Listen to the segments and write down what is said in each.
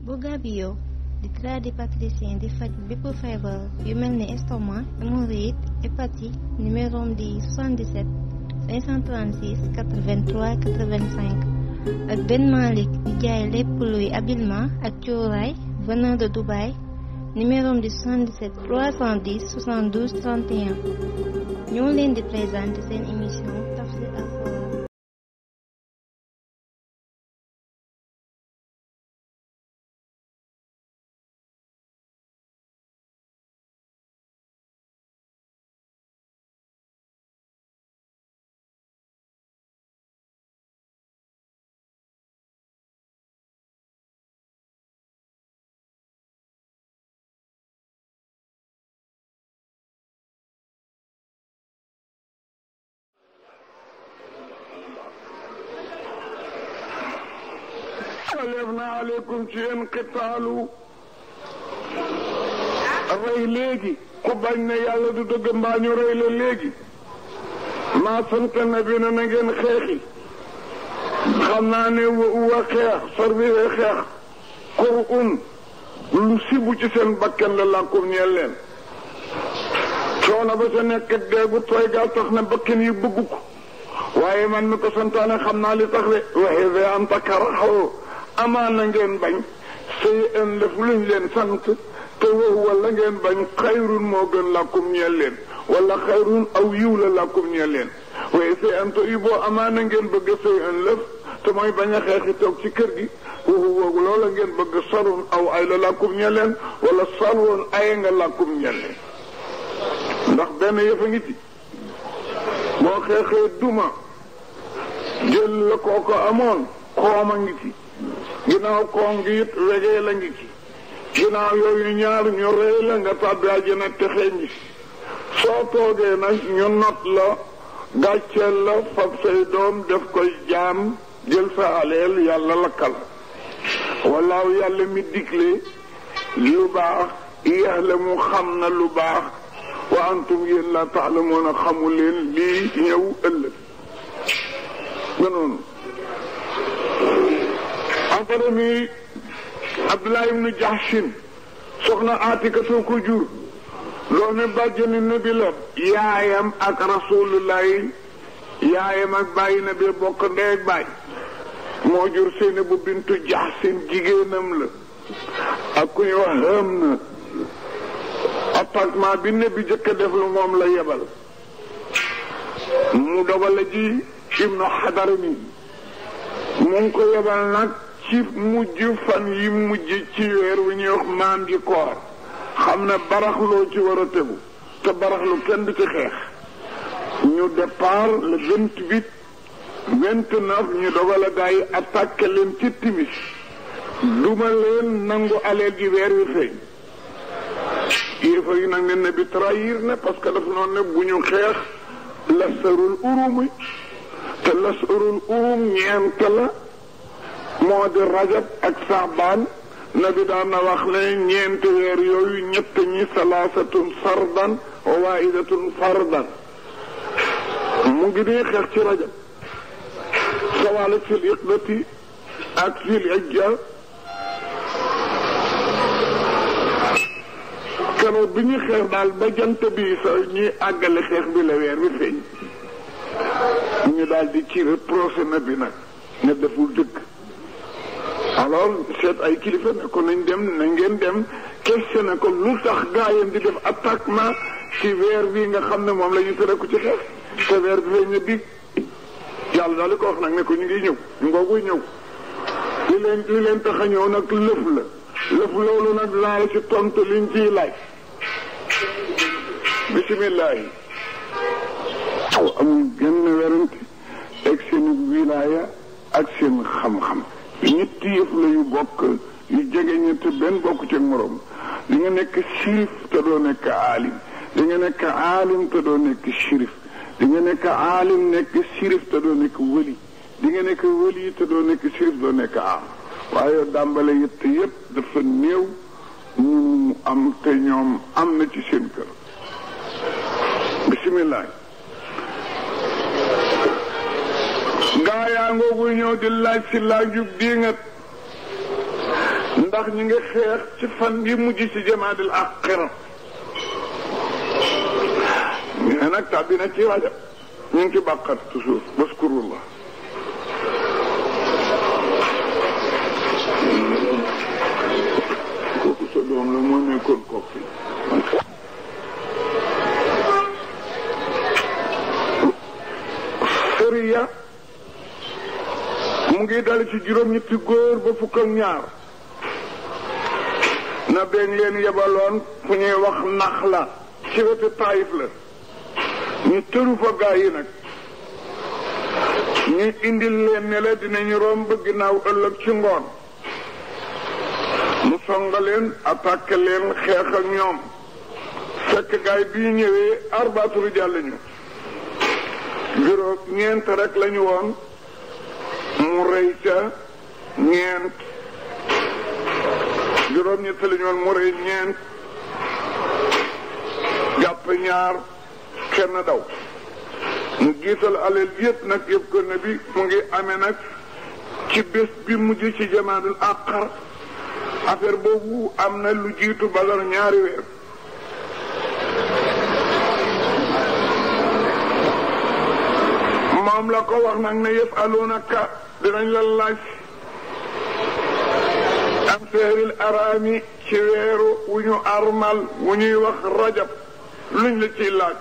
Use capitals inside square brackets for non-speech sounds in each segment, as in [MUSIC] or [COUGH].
Bouga Bio di des de faj bépp feebar yu estomac hémorroïde hépatite di 77 536 83 85 ak Ben Malik, di venant de Dubaï numéro di 77 310 72 31 ñoo leen de de seen émission aleykum ci yéen xitaalu rey léegi ku bañ ne yàlla du dëgg mbaa ñu rey léegi maa na bi na na ngeen xeexi xam naa ne wa xeex service xeex kur um, lu sibu ci seen bakkan la làkkum ñeel leen coono ba sa nekk deegu tooy gaa tax na bakkan yi bëgg ko man mi ko santaane xam naa li tax de waxee am takaraxoo amaana ngeen bañ say en def luñ leen sant te wow wala ngeen bañ xayrun moo gën làkkum ñeel leen wala xayrun aw yiw la làkkum ñeel leen waaye say en to yi boo amaana ngeen bëgg say en lëf te mooy bañ a xeexi toog ci kër gi woowu loola ngeen bëgg sarun aw ay la làkkum ñeel leen wala sarwoon aye nga làkkum ñeel leen ndax benn yëf a ngi ci boo xeexee duma jël la kooko amoon xooma ngi ci ginnaaw koom gi it wegee la ngi ci ginnaaw yooyu ñaar ñu rëy la nga tàbbi àjjana texee ngi soo toogee nag ñu not la gàcceel la fab say doom def koy jaam jël sa yàlla lakkal walaaw yàlla mi digle lu baax yaxlamu xam na lu baax wa antum yéen la taxlamuuna xamu leen lii ñëw ëllëg Hanzala mi Abdullah ibn Jahshin soxna Atikatu ko jur loo ne bàjjani nabi la yaayam ak rasulullahi yaayam ak bàyyi nabi bokk ndey ak bàyyi moo jur Seynabu bintu Jahsin jigéenam la ak ku ñu wax hëm na appartement bi nabi jëkk def lu moom la yebal mu dobala ji ibnu xadar mi mu ko yebal nag ci mujj fan yi mujj ci weer wu ñuy wax maam ji koor xam ne baraxloo ci war a tegu te baraxlu kenn du ci xeex ñu départ le vingt-huit vingt-neuf ñu dogal a gaa yi attaqué leen ci timis duma leen nangu aleel ji weer wi feeñ yéefar yi nag ne ne trahir ne parce que dafa noonu ne bu ñu xeex lasarul urumi te lasarul urum ñeent la moo di rajab ak saabaan nabi daan na wax ne ñeenti weer yooyu ñett ñi salaasatun sardan wa waa'idatun fardan mu ngi dee xeex ci rajab sawaala fil iqdati ak fil ijja keroog bi ñu xeex daal ba jant bi sa ñuy àggale xeex bi la weer bi feeñ ñu daal di ci reproché na bi nag ne deful dëgg alors seet ay kilifa ne ko nañ dem na ngeen dem questionné ko lu tax gaayam di def attaquement ci weer bii nga xam ne moom la ñu tere ci xeex te weer bi feeñ ne bi yàlla daal di ko wax nag ne ko ñu ngi ñëw ñu ngooguy ñëw li leen li leen tax a ñëw nag lëf la lëf loolu nag laay ci tontu liñ ciy laaj bisimilahi amul genn werante ak seen wilaaya ak seen xam-xam ñetti yëf la yu bokk yu jege ñett benn bokk ci morom di nga nekk shirif te doo nekk aalim di nga nekk aalim te doo nekk shirif di nga nekk aalim nekk shirif te doo nekk wëli di nga nekk wëli te doo nekk shirif doo nekk aam waaye dàmbale yëpp yëpp dafa néew ñu am te ñoom am na ci seen kër bisimilah. gaa yaa ngoogu ñëw di laaj si laajub diingat ndax ñi ngi xeex ci fan yi mujj ci jamaadil axira ñu ne nag tàbbi na ci rajab ñu ci bàqat toujours waskurullah kooku sa doom ngi dale ci juróom-ñetti góor ba fukk ñaar na beñ leen yebaloon fu ñuy wax nax la ci wetu taayif la ñu tëru fa gaa yi nag ñu indil leen ne dina dinañu romb ginnaaw ëllëg ci ngoon mu songa leen attaqué xeex ak ñoom fekk gaay bi ñëwee arbaatu rijaal lañu juróom ñeent rek lañu woon mu rëy ca ñeent juróom-ñett la mu rëy ñeent jàpp ñaar kenn daw mu giisal aleel yëpp nag yëpp ko ne bi mu ngi ame nag ci bés bi mujj ci jamaadul àqar affaire boobu am na lu jiitu badar ñaari weer moom la ko wax nag ne yëf aloona ka بغنل الله أم سهر الأرامي شويرو ونيو أرمل ونيو وخ رجب لن لتلات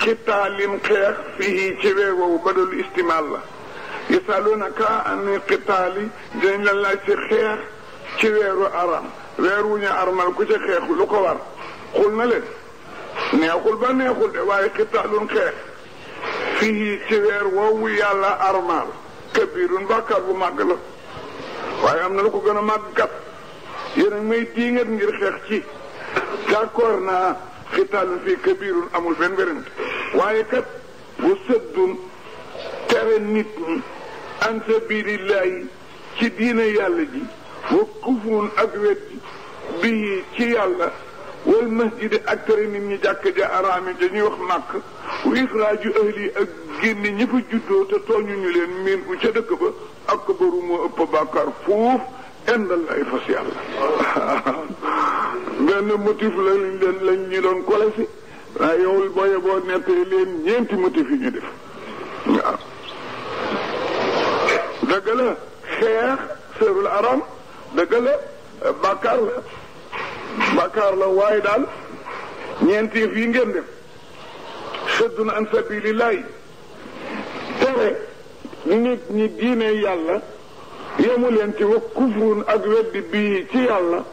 قتال قيخ فيه شويرو وبدل استمال يسألونك أن القتال دين الله شخيخ شويرو أرام ويرو ونيو أرمل كشخيخ لقوار قلنا لك نقول بان نقول دواي قتال قيخ فيه شويرو ويالا أرمال kabirun bàkkaar bu màgg la waaye am na lu ko gën a màgg kat yéen a may diingat ngir xeex ci d'accord naa xitaalun fii kabirun amul benn werante waaye kat wa sëddun tere nit ñi an sabilillahi ci diine yàlla ji wa kufrun ak wet bi ci yàlla wal masjidi ak tere nit ñi jàkk ja araami ja ñuy wax màkk wa ixraaju ahli ak génne ñi fa juddoo te tooñu ñu leen miin u ca dëkk ba akbaru moo ëpp bàkkaar fuuf indal lay fas yàlla [LAUGHS] benn motif la leen lañ doon kole si waaye yowul booye boo nettee leen ñeenti motif yi ñu def waaw dëgg la xeex sërul aram dëgg la bàkkaar la bàkkaar la waaye daal ñeenti yëf yi ngeen def saddun an sabilillahi tere nit ñi diine yàlla yemu leen ci wa kufrun ak weddi bi ci yàlla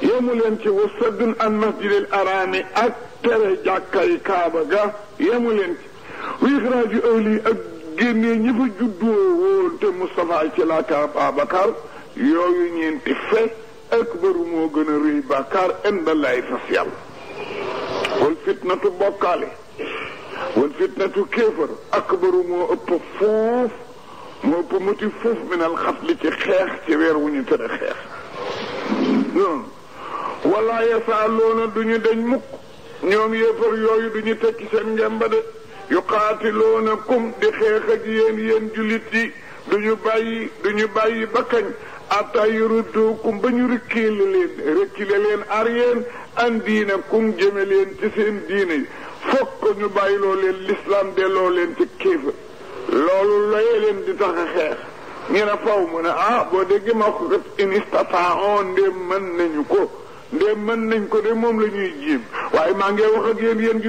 yemu leen ci wa saddun an masjidil araami ak tere jàkkay kaaba ga yemu leen ci wa ixraaju awli ak génnee ñi fa juddoo woon te Moustapha ci la Ababakar yooyu ñeenti fe akbaru moo gën a rëy bàkkaar indalaay fas yàlla wal fitnatu bokkaale wal fitnatu kéefër akbaru moo ëpp fuuf moo ëpp muti fuuf minal xatli ci xeex ci weer wu ñu tere xeex noonu walla yasaaloona duñu dañ mukk ñoom yéefar yooyu duñu tekki seen njàmba de yuqaatiloona kum di xeex ak yéen yéen jullit yi duñu bàyyi duñu bàyyi ba kañ ata atta yuruddukum ba ñu rekkile leen rekkile leen ar yéen an diinakum jëme leen ci seen diine yi fokk ñu bàyyiloo leen lislaam delloo leen ci kéefa loolu loye leen di tax a xeex ñu ne faw mu ne ah boo déggee ma ko kat in istata'un ndéem mën nañu ko ndéem mën nañ ko de moom la jiim waaye maa ngi wax ak yéen yéen de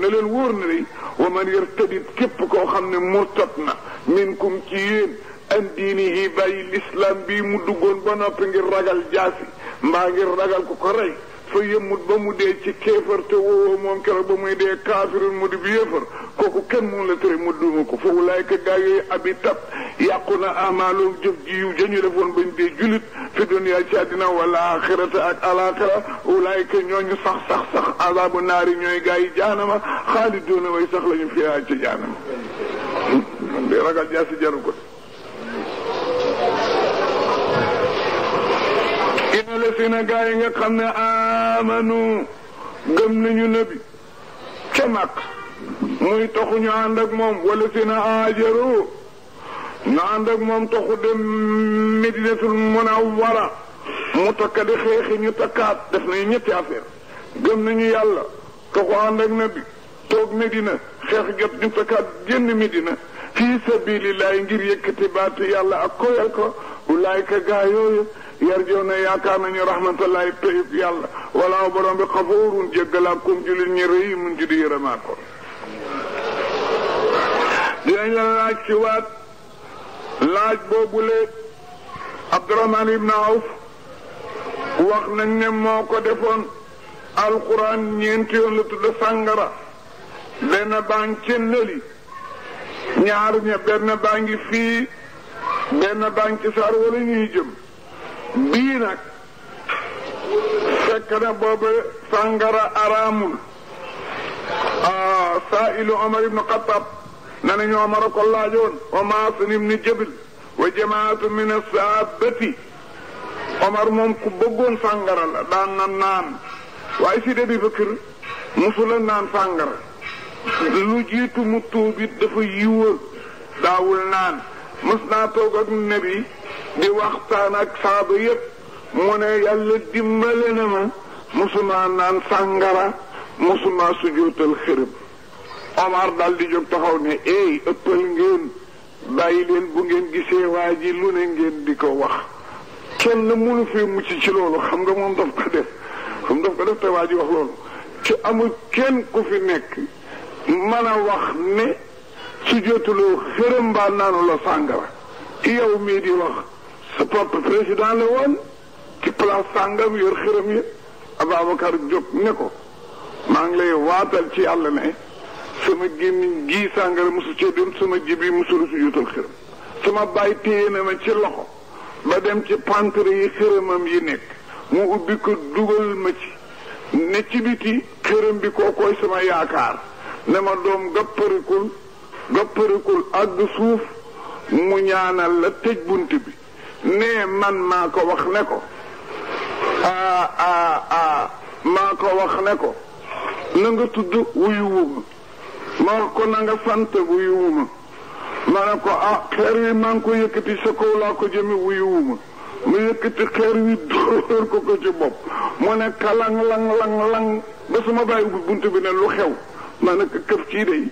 na leen wóor na de wa man yartadit képp koo xam ne murtat na minkum ci yéen an diinihi bàyyi lislaam bii mu duggoon ba noppi ngir ragal jaasi mbaa ngir ragal ku ko rey fa yëmmut mu dee ci kéefar te woowoo moom keroog ba muy dee kaafirun mu di bi yéefar kooku kenn mun la tere mu duuma ko fa wulaayka gaa yooyu abi tab yàqu na amaaloo jëf ji yiw ja ñu defoon bañ dee julit fi duniyaa ci àddina wala axirata ak alaxira wulaayka ñooñu sax sax sax azaabu naari ñooy gaa yi jaanama xaaliduuna way sax la ñu ci jaanama ragal jaasi ko allazina gaa yi nga xam ne amanu gëm nañu nabi ca mag muy taxu ñu ànd ak moom wala sina aajaru ñu ànd ak moom taxu dem medinatul munawwara mu takka di xeexi ñu takkaat def nañu ñetti affaire gëm nañu yàlla taxu ànd ak nabi toog medina xeex jot ñu takkaat génn medina fii ngir yëkkati baatu yàlla ak koyal ko ulaayka gaa yooyu yarjoona yaakaar nañu rahmatullahi tayib yàlla wala borom bi xafoorun jéggalaa kum jullit ñi rëy mun ji di yërëmaa la laaj ci waat laaj boobule Abdurahmaan ibn Awf wax nañ ne moo ko defoon alquran ñeenti yoon la tudd sàngara benn baa ngi nëli ñaar ña benn baa fii benn baa ci saar wala ñuy jëm bii nag fekk na boobu sàngara araamul ah, saa'ilu Omar ibnu Xattaab na ne ñu Omar ko laajoon wa Maasun ibnu Jabal wa jamaatu min as-saabati Omar moom ku bëggoon sàngara la daan na naan waaye si Abi Bakr musula naan sàngara lu jiitu mu tuubit dafa yiwa daawul naan mës naa toog ak nabi di waxtaan ak saaba yépp mu ne yàlla dimbale na ma musuma naan sàngara musuma sujootal xërëm Omar dal di jóg taxaw ne eey ëppal ngeen bàyyi leen bu ngeen gisee waa ji lu ne ngeen di ko wax kenn mënu fee mucc ci loolu xam nga moom daf ko def xam daf ko def te waa ji wax loolu ci amul kenn ku fi nekk mën a wax ne su jotuloo xërëm mbaa naanu la sàngara yow mii di wax sa papa président la woon ci place sàngam yor xërëm yi Ababacar Diop ne ko maa ngi lay waatal ci yàlla ne sama gémmiñ gii sàngara mosu cee dem sama jib yi mosula si xërëm sama bàyyi téye na ma ci loxo ba dem ci pantre yi xërëmam yi nekk mu ubbi ko dugal ma ci ne ci biti xërëm bi koo koy sama yaakaar ne ma doom gapparikul gapparikul àgg suuf mu ñaanal la tëj bunt bi ne man maa ko wax ne ko a a maa ko wax ne ko na nga tudd wuyuwuma ma wax ko na sant wuyuwuma ma ne ko ah xeer wi maa ko yëkkati sa kaw laa ko jëme wuyuwuma mu yëkkati xeer wi dóor ko ko ci bopp mu ne kalang lang lang lang ba suma bàyyi bunt bi ne lu xew ma ne ko këf cii day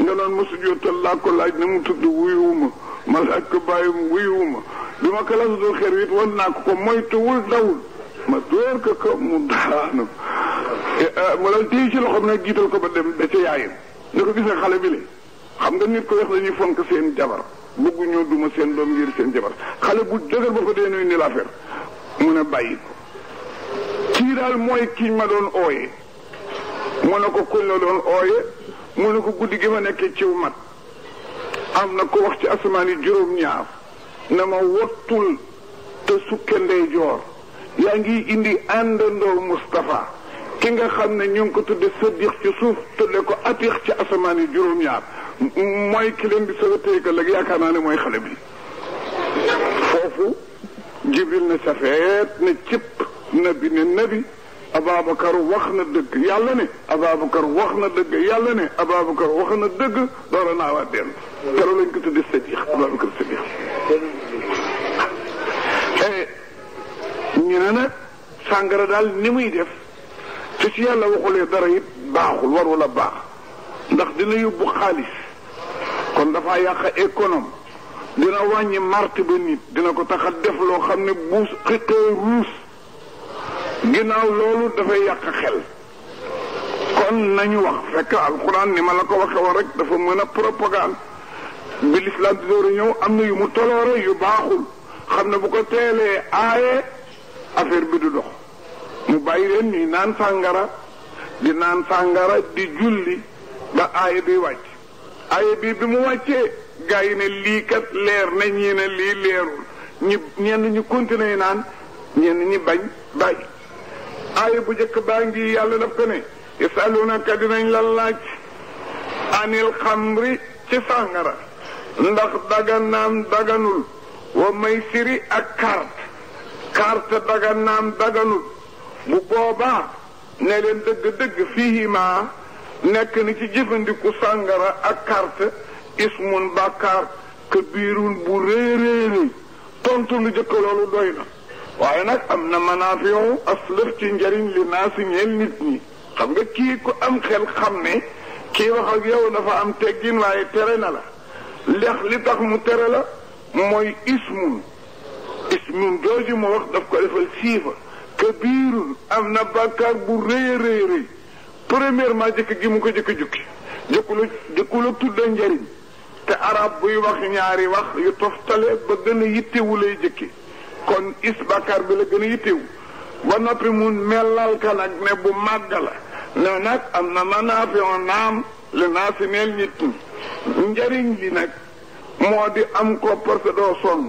nga naan mosu jootal laa ko laaj ne mu tudd wuyuwuma ma laaj ko bàyyi wuyuwuma bi ma ko las dul naa ko ko moytuwul dawul ma dóor ko ko mu daanu eh, eh, ma dal téye ci loxoom nag jiital ko ba dem da ca yaayam ne ko gis xale bi le xam nga nit ko wax dañuy fonk seen jabar bëgguñoo duma seen doom ngir seen jabar xale bu dëgër ba ko dee nuy ni l'affaire mu ne bàyyi ko kii daal mooy kii ma doon ooye mu ne ko kuñ la doon ooye mu ne ko guddi gi ma nekk ciw mat am na ko wax ci asamaan yi juróom-ñaar na ma wottul te sukke ndeyjoor yaa ngi indi àndandoo Moustapha ki nga xam ne ñu ngi ko tudde sëddix ci suuf tudde ko atix ci asamaan yi juróom-ñaar mooy ki leen di soog a téye ëllëg yaakaar naa ne mooy xale bi foofu jibril na safeet na cëpp nabi ne nabi Ababakar wax na dëgg yàlla ne Ababakar wax na dëgg yàlla ne Ababakar wax na dëgg door a naa waa dem. keroog lañ ko tudde sëddix Ababakar sëddix ñu ne sàngara daal ni muy def te ci yàlla waxulee dara yi baaxul warul a baax ndax dina yóbbu xaalis kon dafa yàq économe dina wàññi marte ba nit dina ko tax a def loo xam ne bu xiqee ruus ginnaaw loolu dafay yàq xel kon nañu wax fekk alxuraan ni ma la ko waxe woon rek dafa mën a propagande bi lislaam di ñëw am na yu mu toloore yu baaxul xam na bu ko teelee aaye affaire bi du dox mu bàyyi leen ñuy naan sàngara di naan sàngara di julli ba aaye bi wàcc aaye bi bi mu wàccee gaa ne lii kat leer na ñii ne lii leerul ñi ñenn ñi continuer naan ñenn ñi bañ bàyyi aaye bu njëkk baa ngi yàlla daf ko ne yasalunaka dinañ la laaj anil xamri ci sàngara ndax daganaam daganul wa may siri ak carte carte daganaam daganul bu boobaa ne leen dëgg-dëgg fiihimaa nekk na ci jëfandiku sàngara ak carte ismun bàkkaar kabiirun bu réeréeré tontu lu jëkk loolu doy na waaye nag am na manaafiyu aslëf ci njariñ li naa si ñeel nit ñi xam nga kii ku am xel xam ne kii wax ak yow dafa am teggin waaye tere na la ndax tax mu tere la mooy ismun ismun jooju ma wax daf ko defal siifa kabirun am na bàkkaar bu rëy a rëy premièrement jëkk gi mu ko jëkk jukki jëkkula jëkkula tudda njariñ te arab buy wax ñaari wax yu toftale ba gën a yittewu lay jëkki kon is bàkkaar bi la gën a yittewu ba noppi mu melal ka nag ne bu màgg ne nag am na manaafi naam li si neel nit ñi njariñ li nag moo di am ko parce que doo sonn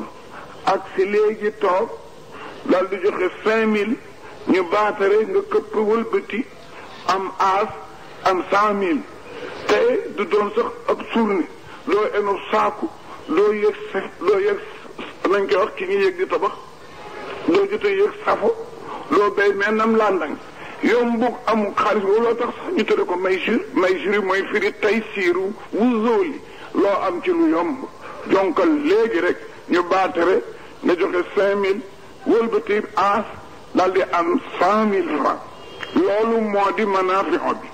ak ci léegi toog dal di joxe cinq mille ñu baatare nga këpp wëlbati am aas am cent mille te du doon sax ak surni doo enu saaku doo yëg doo yëg nañ koy ki ngi yëg di tabax doo jotee yëg safo doo béy mennam làndang yow mu am xaalis boobu loo tax sax ñu tëddee ko may jur may jur mooy firi tey siiru wu zooli loo am ci lu yomb jonkal léegi rek ñu baatare nga joxe cinq mille wëlbati aas daal di am cent mille francs loolu moo di manaafion bi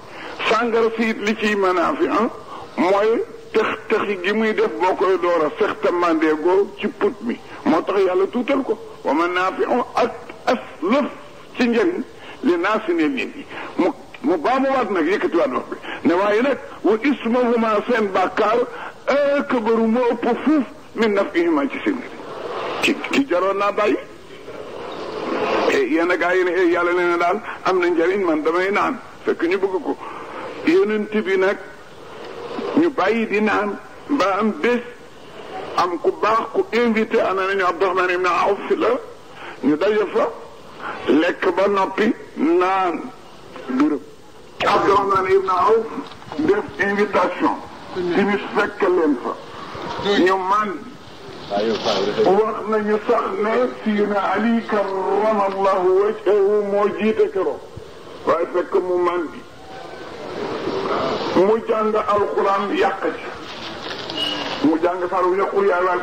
sàngara siit li ciy manaafion mooy tex texi gi muy def boo koy door a sex ci put mi moo tax yàlla tuutal ko wa manaafion ak as lëf ci njëriñ li naa si ne nit mu mu nag yëkkatiwaat waaye nag wa ismahuma seen moo ëpp fuuf min nafihima ci seen ci gaa yi ne eh, yàlla nee na daal am na njëriñ man damay naan fekk ñu bëgg ko yonent bi nag ñu bàyyi di naan ba am bés am ku baax ku invité ana nañu Abdourahmane ibn Awf la ñu daje fa lekk ba noppi naan birëm def invitation si ñu fekk leen fa ñu man wax nañu sax ne siina ali karamallahu wajhahu moo jiite keroog waaye fekk mu man mu jàng alquran yàq ci mu jàng saar wu ne qul yaa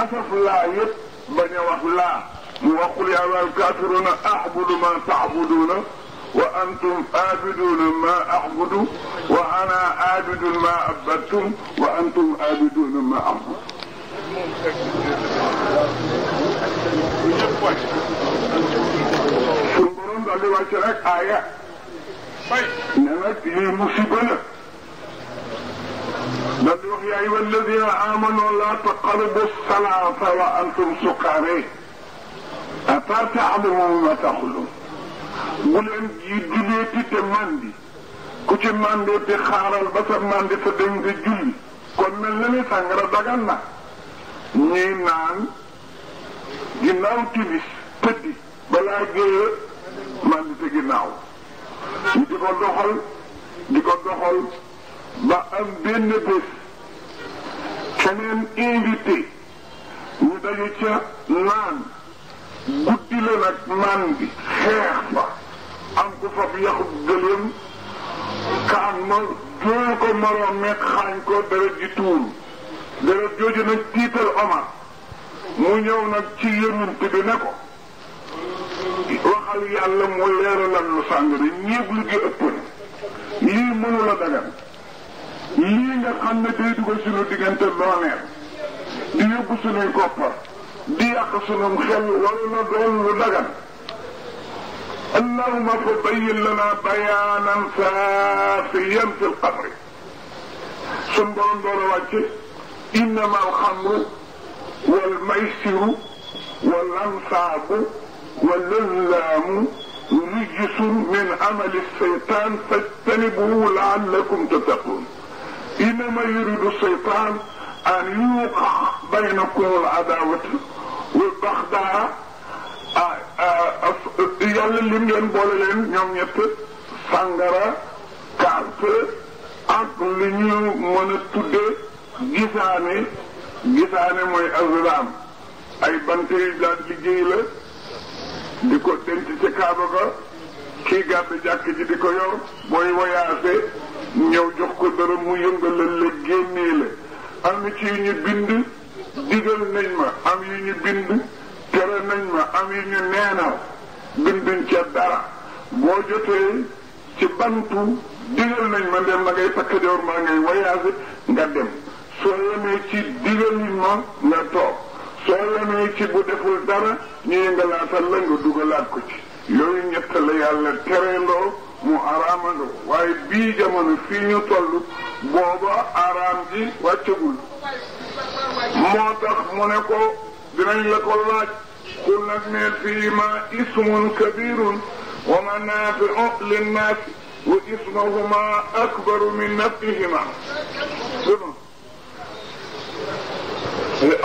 asaf laa yëpp bañ a wax laa mu wax qul yaa ayyuha alkaafiruuna a'budu maa ta'buduuna وأنتم آبدون ما أعبد وأنا آبد ما عبدتم وأنتم آبدون ما أعبد sun borom daal di wàcc rek aaya ne nag lii musiba la daal di wax yaa ayyuha alladina amanu la taqrabu salata wa antum suqaaree ataa taalamu ma taxulu bu leen ji julleeti te mandi ku ci mandee te xaaral ba sa mandi sa dañ nga julli kon mel na ni sàngara dagan na ñuy naan balaa géeye mandi te ginnaaw ñu di ko doxal di ko doxal ba am benn bés keneen invité ñu daje ca naan guddi la nag man bi xeex ba am ku fab yaxub gëléem kaan ma jooy ko moroom nekk xaañ ko deret ji tuur deret jooju nag tiital Omar mu ñëw nag ci yonent bi ne ko waxal yàlla mu leeralan lu sàng ne lu gi ëpp lii mënu la dagan lii nga xam ne day dugal sunu diggante looneel di yóbbu sunuy koppar di yàq sunum xel wala اللهم فضيل لنا بيانا سافيا في القبر سنبون دور وجه انما الخمر والميسر والانصاب والازلام رجس من عمل الشيطان فاجتنبوه لعلكم تتقون انما يريد الشيطان ان يوقع بينكم العداوه wal bax daa ah, ah, yàlla lim leen boole leen ñoom ñett sàngara carte ak li ñu mën a tudde gisaane gisaane mooy azlam ay bant yu daan liggéey la di ko denc ci kaaba ga kii gàddu jàkk ji di ko yor booy voyagé ñëw jox ko dara mu yëngalal la génnee la am ci ñu bind digal nañ ma am yu ñu bind tere nañ ma am yu ñu neenal binduñ ca dara boo jotee ci bantu digal nañ ma dem ma ngay takk dewr maa ngay voyage nga dem soo yemee ci digal ma nga toog soo yemee ci bu deful dara ñu yëngalaatal la nga dugalaat ko ci yooyu ñett la yàlla tereendoo mu araamandoo waaye bii jamono fii ñu toll booba araam ji wàccagul moo tax mu ne ko dinañ la ko laaj qul nag neel fii ma wa manafiu linnaas wa min nafihima duma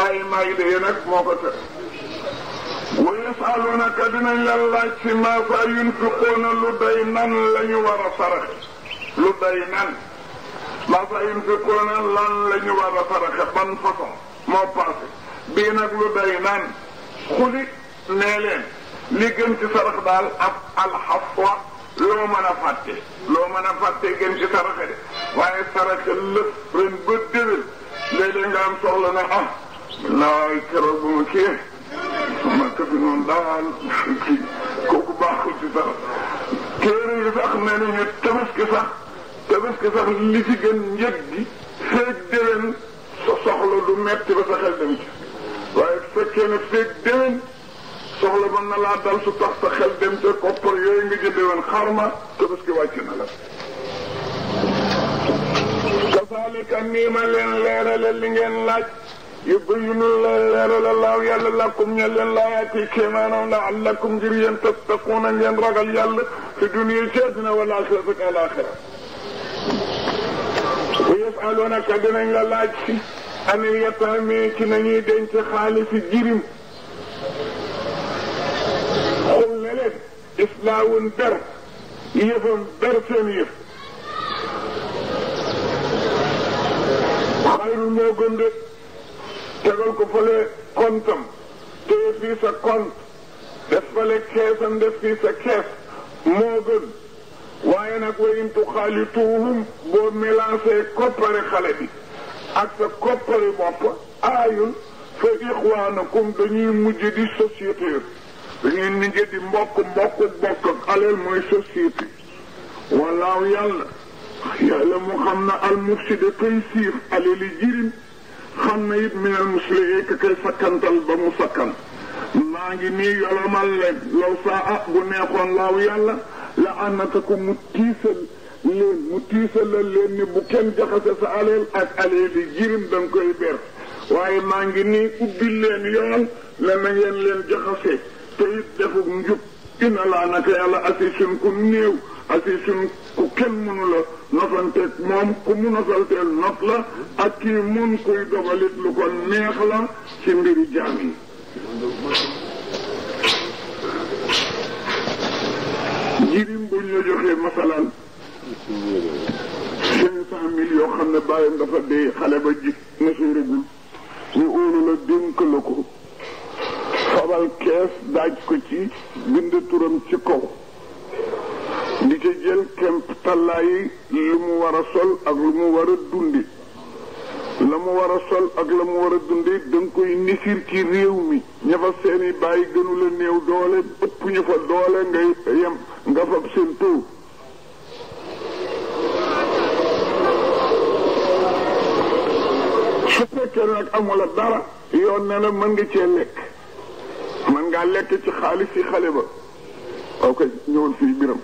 ay maa ngi dee nag moo ko teg wa yasalunaka laaj si ma fa yunfiquuna lu day nan war a lu day laata yunfiquuna lan la ñu war a saraxe ban façon moo passé bii nag lu day naan xuli nee li gën sarax daal ak alxafwa loo mën a fàtte loo mën a fàtte gën ci saraxe de waaye lëf ren ba déwén léeg-léeg nga na ah laay keroog bu ma kii ma këfi noonu daal kii kooku baaxul ci sarax kéere yi sax nee nañu tabaski sax parce que sax li ci gën njëg gi feeg déwén sa soxla du metti ba sa xel dem ci waaye bu fekkee ne feeg déwén soxla mën na laa dal su tax sa xel dem ca koppar yooyu nga jëndee woon xarma te parce que wàcc na la. kasaalika nii ma leen leerale li ngeen laaj yu bayinu la leerale laaw yàlla lakum ñe leen laayaati kéemaanam la allakum ngir yéen tattaquuna ngeen ragal yàlla fi duniya ci àddina wala axira ak alaxira wa yasalunaka dinañ la laaj ci anil yataami ci nañuy denc xaalisi jirim xul ne leen islaawun ber yëfam ber seen yëf xayrul moo gën de tegal ko fële kontam téye fii sa compte def fële keesam def fii sa kees moo gën waaye nag wa in tuxaalituuhum boo mélangé koppare xale bi ak sa koppare bopp aayul fa ixwaanakum dañuy mujj di société dañuy mujj di mbokk mbokk mbokk ak aleel mooy société walaaw yàlla yàlla mu xam na al mufsida kay siif aleeli jirim xam na it minal muslihi ka kay sakkantal ba mu sakkan maa ngi nii yolomal leen law saa ah bu neexoon laaw yàlla la anatakum mu tiisal leen mu tiisalal leen ni bu kenn jaxase sa aleel ak aleeli jirim da koy ber waaye maa ngi nii ubbi leen yoon la na ngeen leen jaxase te it defuk njub ina laa naka yàlla asisun ku néew asisun ku kenn mënu la nosanteeg moom ku mu nosalteel not la ak kii mun kuy dogalit lu ko neex la ci mbiri jaam yi buñ la joxee masalan cinq cent yoo xam ne bàyyam dafa dee xale ba ji nasuuragul ñu óolu la dénk la ko fabal kees daaj ko ci bind turam ci kaw di ca jël kemp tàllaay lu mu war a sol ak lu mu war a dundi la mu war sol ak la mu war a dundi da nga koy nisir ci réew mi ña fa seeni bàyyi gënu néew doole ëpp ñu fa doole ngay yem nga fab seen taw su fekkee nag amula dara yoon ne la mën nga cee lekk mën ngaa lekk ci xaalis yi xale ba waaw kay ñëwoon fii biram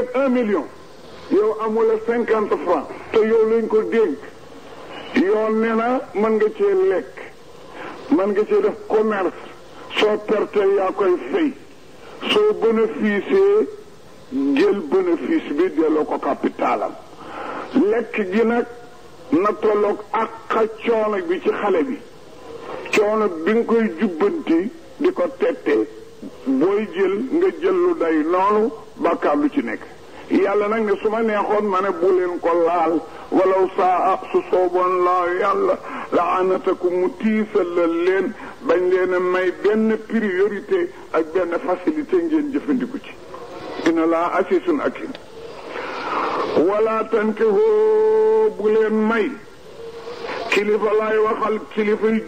ak un million yow amula cinquante te yow lañ ko dénk yoon ne na mën nga cee lekk mën nga cee def commerce soo perte yaa koy fay soo bénéfice jël bénéfice bi delloo ko capitalam lekk gi nag na tolloog ak coono bi ci xale bi coono bi nga koy jubbanti di ko tette booy jël nga jël lu day noonu bàkkaar du ci nekk yàlla nag ne su ma neexoon ma ne bu leen ko laal walaw saa su sooboon laa yàlla laanataku mu tiisalal leen bañ leen a may benn priorité ak benn facilité ngeen jëfandiku ci dina laa asisun ak in wala tankihoo bu leen may kilifa laay waxal kilifa yu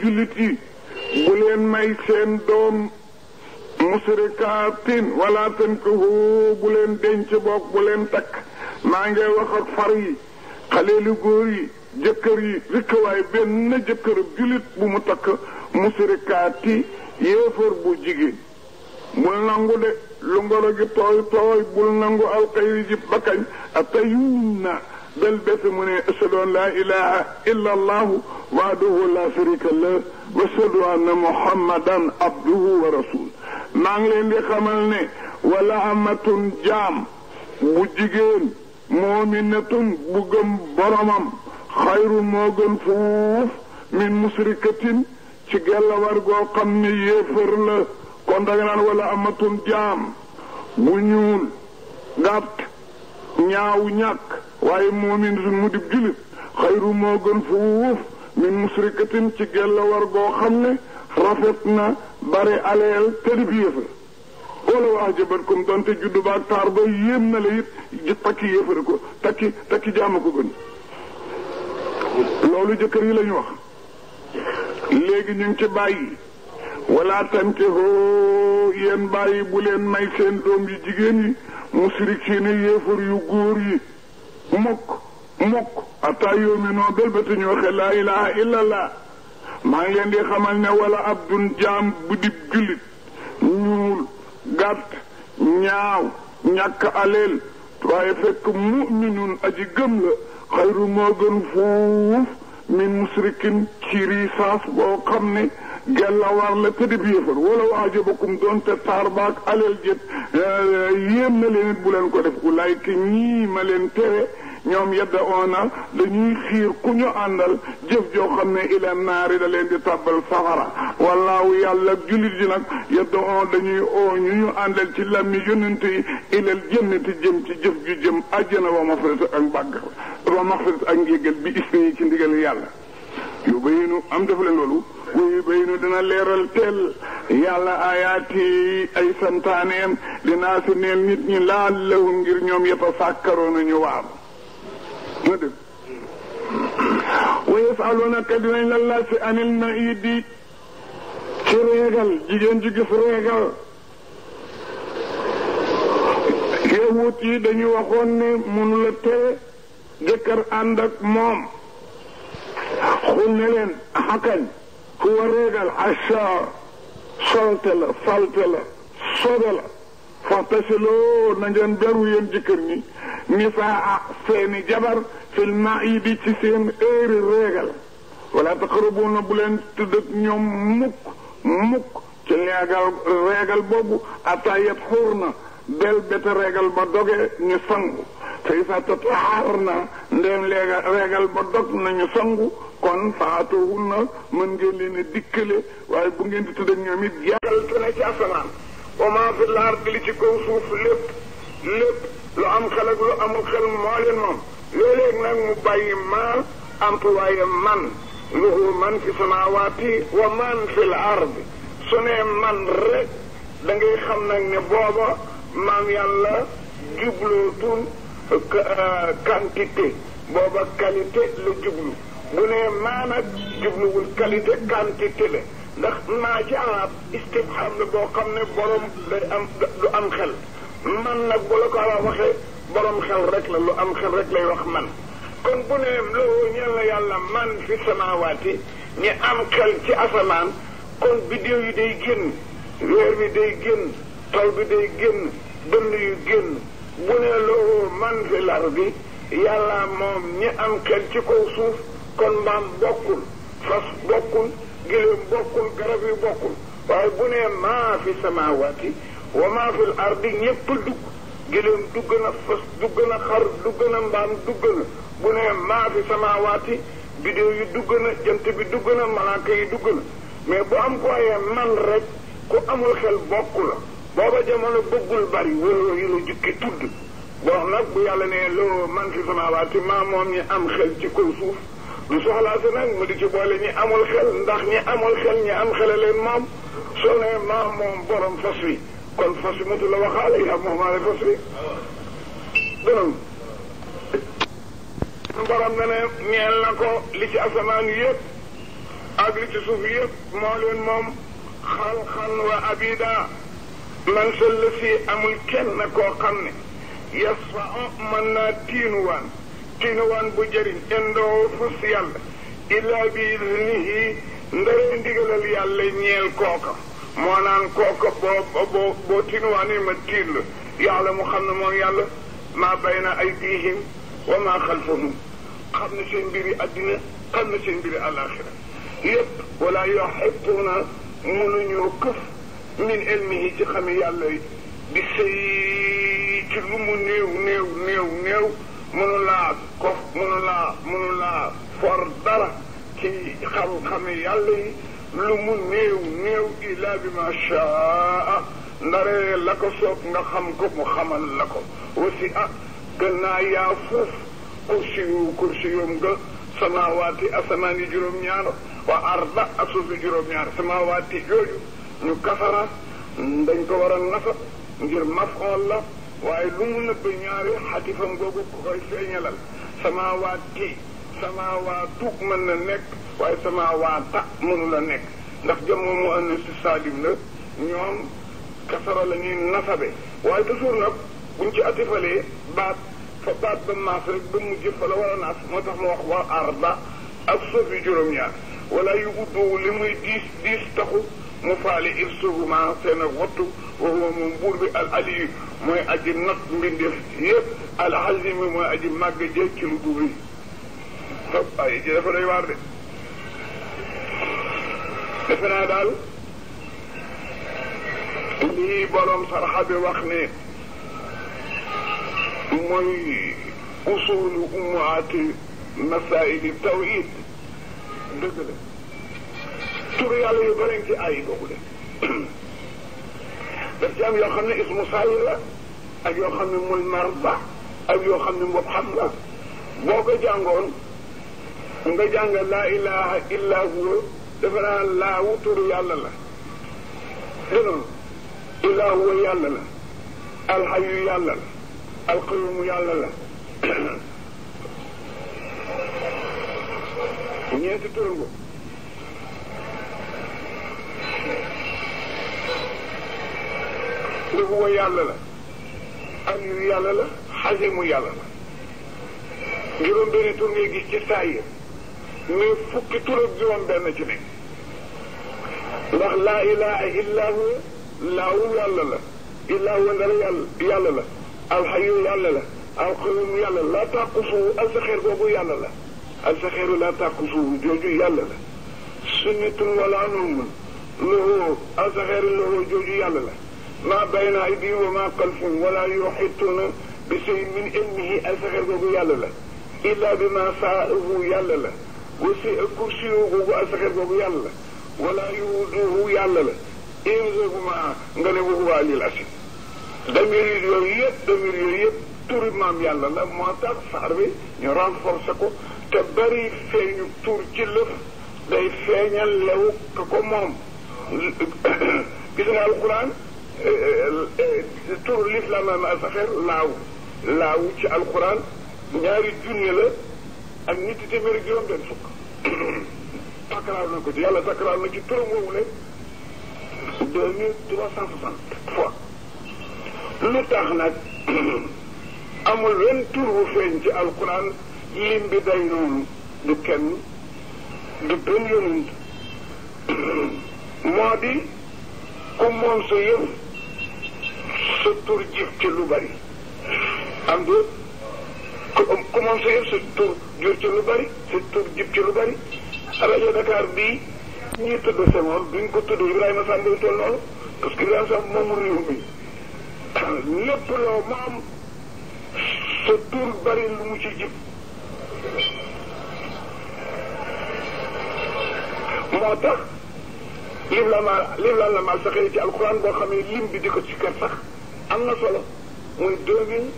bu leen may seen doom musrikaatin wala tankihu bu leen denc bokk bu leen takk maa ngi wax ak far yi xaleelu góor yi jëkkër yi rikkawaay benn jëkkër julit bu mu takk musrikaati yéefar bu jigéen bul nangu de lu ngoro gi tooy tooy bul nangu alxayri ji bakkañ atayum na bel bés mu ne ashadu laa ilaha illa allahu wahdahu la sharika lah wa ashadu anna muhammadan abduhu wa rasul maa ngi leen di xamal ne wala amatun jaam bu jigéen moominatun bu gëm boromam xayru moo gën fuuf min musrikatin ci gellawar goo xam ne yéefar la kon danga naan wala jaam bu ñuul gàtt ñaaw ñàkk waaye moominatun mu dib julit xayru moo gën fuuf min musrikatin ci gellawar goo xam ne rafet na bare aleel tërëb yéefar wala wax jabatkum donte juddu baag taar ba yéem na la it takki yéefar ko takki takki jaama ko gën loolu jëkkër yi la ñu wax léegi ñu ci bàyyi wala tanke hoo yéen bàyyi bu leen may seen doom yi jigéen yi musirik seen yéefar yu góor yi mukk mukk ataa yoomi noo belbati ñoo xe laa ilaha illallah maa ngi leen di xamal ne wala abdun jaam bu dib jullit ñuul gàtt ñaaw ñàkk aleel waaye fekk muminun aji gëm la xayru moo gën fuuf min musrikin ci riisaas boo xam ne gellawar la te di bi yëfar wala waajabakum doonte taar baak aleel jët yéem na leen bu leen ko def ku lay ki ñii leen tere ñoom yedda oona dañuy xiir ku ñu àndal jëf joo xam ne ila naari da leen di tàbbal safara wallaahu yàlla jullit ji nag yedda oon dañuy oo ñu ñu àndal ci lammi yonent yi ilal jannati jëm ci jëf ju jëm àjjana wa mafrit ak mbàgg wa mafrit ak ngéggal bi isni ci ndigal yàlla yu bayinu am def leen loolu wuyu bayinu dina leeral teel yàlla ayaati ay santaaneem dinaa si neel nit ñi laal lahum ngir ñoom yëpp a sàkkaroon ñu waam كذب ويسألون كذب الله في أن المعيد فريغل جيجن جيجي فريغل يهوتي دني وخوني من لتي ذكر عندك موم خنلين حقن هو ريغل عشاء صوتلا صدلا fattasiloo loo ngeen beru yéen jëkkër ñi nisaa seeni jabar yi di ci seen heure réegal wala taqarabuna bu leen tudd ñoom mukk mukk ci leegal réegal boobu atayat xur na del bete réegal ba doge ñu sangu fay sa tataar na ndeem leegal réegal ba dog nañu sangu kon faatoohun na mën ngeen leen a dikkale waaye bu ngeen di ñoom it jagal tene ci asamaan وما في الارض اللي تي كو سوف لب لب لو ام خلق لو ام خل مولين موم ليك نا نعم مو باي ما ام توي من لو من في سماواتي ومن في الارض سنه من رك دا ngay xam nak ne bobo mam yalla djublo tun quantité bobo qualité lu djublu bune manak djublu wul qualité quantité le ndax maa ci arab istibham la boo xam ne borom day am xel man nag bu la ko arab waxee borom xel rek la lu am xel rek lay wax man kon bu ne loo ñeel na yàlla man fi samaawaati ñi am xel ci asamaan kon biddiw yi day génn weer bi day génn taw bi day génn dënd yu génn bu ne loo man fi lar bi yàlla moom ñi am xel ci kaw suuf kon mbaam bokkul fas bokkul gëléem bokkul garab yi bokkul waaye bu nee maa fi samaawaati wa maa fi ardi ñëpp a dugg gëléem dugg na fas dugg na xar dugg na mbaam dugg na bu nee maa samaawaati bidéew yi dugg na jant bi dugg na malaaka yi dugg na mais bu am ko ayee man rek ku amul xel bokk la booba jamono bëggul bari wóoloo yi la jukki tudd boo nag bu yàlla nee loo man fi samaawaati maa moom ñi am xel ci kaw suuf lu soxlaatu nag mu di ci boole ñi amul xel ndax ñi amul xel ñi am xele leen maam soo nee maam moom borom fas wi kon fas wi mutu la waxaale yaa moomaale fas wi dënam borom na ne ñeel na ko li ci asamaan yëpp ak li ci suuf yëpp moo leen moom xalxan wa abida man sa lësi amul kenn koo xam ne yas fa mën naa tiinuwaan tigawaan bu jëriñ indoo fus yàlla illaa bi idnihi ndare ndigalal yàlla ñeel kooka moo naan kooka boo boo boo tinuwaani ma tiil yàlla mu xam ne moom yàlla maa bayna ay diihim wa maa xalfahum xam na seen mbiri àddina xam na seen mbiri alaxira yépp wala yoxibuna mënuñoo këf min ilmihi ci xami yàlla bi sëy ci lu mu néew néew néew néew mënu laa kof mënu laa mënu laa for dara ci xam yàlla yi lu mu néew néew ilaa bi ma shaa ndaree la ko nga xam ko mu xamal la ko aussi ah gën naa yaa fuuf kursi yu kursi yoom nga samawaati asamaani juróom-ñaar wa arda ak suufi juróom-ñaar samawaati yooyu ñu kasara dañ ko war a nasa ngir mafoon la waaye lu mu nëbb ñaari xatifam googu ku koy feeñalal sama waa ti sama waa tuug mën na nekk waaye sama waa ta mënu la nekk ndax jëm mu ënn si saalim la ñoom kasara la ñuy nasabe waaye toujours nag buñ ci atifalee baat fa baat ba maas rek ba mu jëf la wala naas moo tax mu wax waa arba ak sofi juróom-ñaar wala yu uddoo li muy diis diis taxu mu faale irsuhuma seen ak wattu waxuma moom buur bi al aliyu mooy aji nat mbindeef yépp al azimi mooy aji màgg jeeg ci lu duuri fab ay ji dafa doy waar de defe naa daal lii borom sarxa bi wax ne mooy usulu ummaati masaili tawhid dëgg la tur yàlla yu bëri ay boobu de [COUGHS] daf ci am yoo xam ne ismu sayi la ak yoo xam ne mul marba ak yoo xam ne mbob xam la boo ko jàngoon nga jàng laa ilaha illa huwa yàlla la dinoonu illaa huwa yàlla la alxayu yàlla la alqayumu yàlla la ñeenti turango li huwa yàlla la aliyu yàlla la xasimu yàlla la juróom benn tur ngay gis ci saa yi mais fukki tur ak juróom benn ci nekk ndax laa ilaha illa hu laawu yàlla la illaa hu dara yàlla yàlla la alxayu yàlla la alqayum yàlla laa tàqusuhu alsaxeer boobu yàlla la alsaxeeru laa tàqusuhu jooju yàlla la sunnatun wala numun lahu alsaxeeru lahu jooju yàlla la ما بين ايديه وما خلفه ولا يحيطون بشيء من علمه اسخر يالا الا بما شاءه يالا وسع كرسيه واسخر يالا ولا يؤذوه يالا انزهما غني وهو علي الاسد دمير يريد دمير يريد تور مام يالا لا موتاك فاربي نيران فرسكو تبري فين تور جلف داي فين لو كوموم بيدنا القران Euh, euh, euh, turu lislaam am asaxeer laaw laaw ci alxuraan ñaari junne la ak ñetti téeméer ak juróom benn fukk [COUGHS] takkaraar na ko ci yàlla takkaraar na ci turam woowu ne deux lu tax nag [COUGHS] amul wenn tur bu feeñ ci alxuraan lim bi day noonu du kenn du benn yonent [COUGHS] moo di ku moom sa yëf sa tur jëf ci lu bari am du ku sa tur jur ci lu bari sa tur jëf ci lu bari rajo Dakar bii ñuy tudd Senghor duñ ko tudd Ibrahima Sane day toll noonu parce que Ibrahima Sane moomu réew mi lépp loo maam sa tur bari lu mu ci jëf moo tax lim la ma lim la la ma saxee ci alxuraan boo xam ne lim bi di ko ci sax am na solo muy deux mille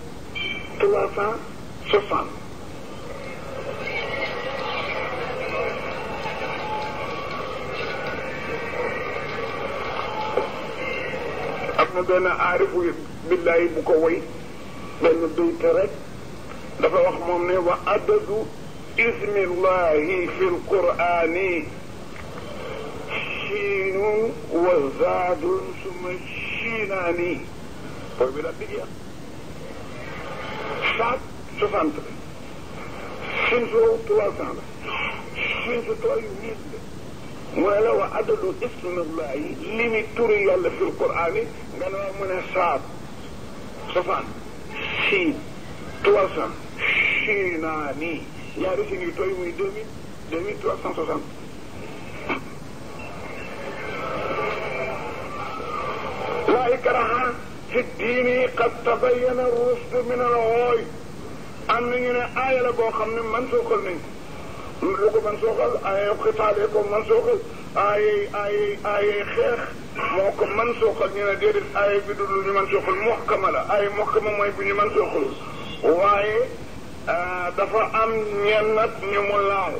trois cent soixante am na benn aarifu billaay bu ko woy benn bayte rek dafa wax moom ne wa adadu ismillahi fi lqurani siinun wa zaadun suma siinaanii formule ak liggéeyam saab soixante la sin su trois cent la tooy mille la mooy wa adadu ismillah li mi turi yàlla fil quraan nga ne mu ne saab soixante siin trois siinaani ñaari sin yu tooy muy deux mille deux mille trois soixante waaye karaxaan في الدين قد تبين الرشد من الغاي ان ينا ايه لا بو خامني من سوخل ني لوكو من سوخل ايه قتال يكون من سوخل ايه ايه ايه خيخ موكو من سوخل ينا ديدت ايه بدلو ني من سوخل محكمة لا ايه محكمة موي بني من سوخل واي آه، دفع ام ينت نمولاو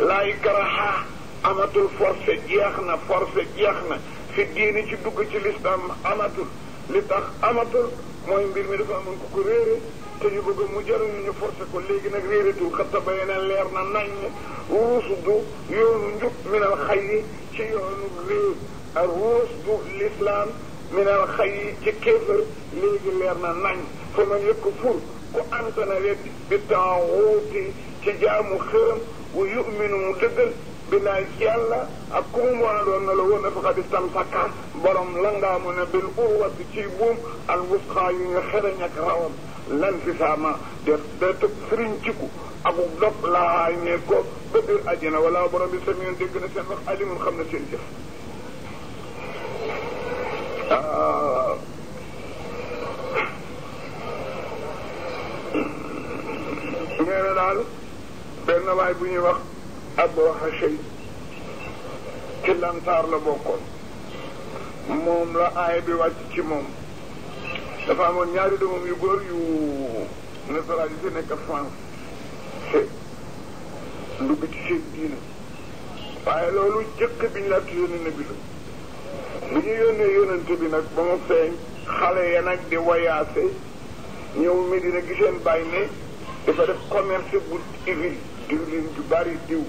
لا يكرها اماتو الفرصة جيخنا فرصة جيخنا في الدين تدوك في الاسلام اماتو li tax amatul mooy mbir mi dafa amoon ku ko réere te ñu bëgg mu jaruñu ñu forcé ko léegi nag réeretul xatta ba yeneen leer na nañ ruusu du yoonu njub min al xay ci yoonu réer ak ruus du l'islam من الخي كفر ليجي ليرنا نان فمن يكفر وأنتنا بالتعوت تجام خرم ويؤمن مدقل billahi yalla ak ku mu mën a doon na la woon dafa xadi tam sakka borom la ngaa mën a bil urwat ci buum al wusqa yu ñu xereñ ak rawam lan fi sama de de tëb sëriñ ciku ak dop laa ne ko ba biir àjjana wala borom bi sa miin dégg na seen wax alimul xam na seen jëf nee na daal benn waay bu ñuy wax أبرح شيء كلام صار لبوكو موم لا آي بي وات موم دا فا مون دو موم يو غور يو نصرا دي سي نيك فرانس دوك تي سي دين واي لولو جيك لا تي يوني نبي لو يوني يونت بي نك با مو فاي خالي يا نك دي وياسي ñew medina gisen bayne dafa def commerce bu diwlin ju bari diw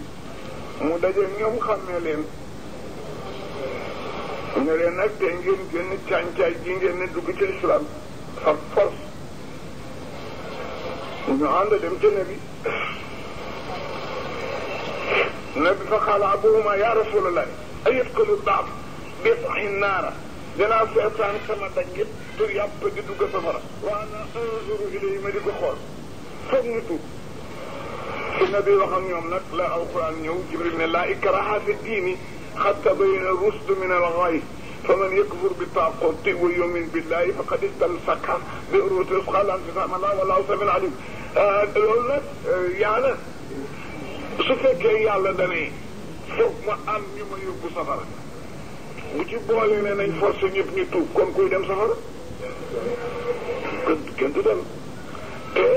mu daje ñoom xàmmee leen ne leen nag tey ngeen génn càncaay gi ngeen ne dugg ci islam par force ñu ànd dem ca nabi nabi fa xaala abuhuma ya rasulallah ayadxulu baab bisahi naara dinaa seetaan sama dangit tur yàpp di dugg safara waa na unzuru ilayhi ma di ko xool foog ñu tuub nabi waxam ñoom nag la alquran ñëw jibril ne laa ikraha fi diini xatta bayna rusd min al ghay فمن يكفر بالطاقوت ويؤمن بالله فقد استمسك بأروة الوثقى لا انفصام لها ولا وصف العليم loolu nag yàlla su fekkee yàlla dane foog ma am ñu ma yóbbu safara bu ci boole ne nañ forcé ñëpp ñu tuub kon kuy dem safara kenn du dem te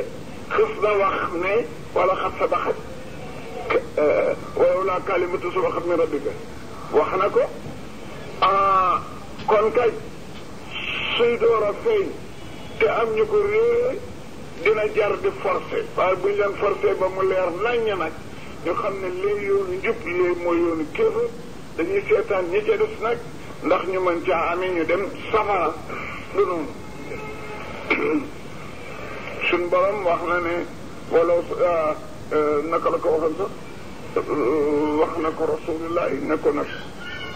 خصنا وخمي ولا خط صدخت ولا كلمة سوى خط من ربك وخناكو آه، كون كاي سيدو رفين تأم نكو دينا جار دي فرسي فاي بيجان فرسي بمولير نانيناك نخمنا لي يوني جب لي مويوني كيفو دني سيطان نيجي دسناك نخ نمان جا أمين يدم سفا [CLEARS THROAT] دونو شن برام واحنا ني ولو س... آه... آه... نقلك وغنزا واحنا كو رسول الله نكو نفس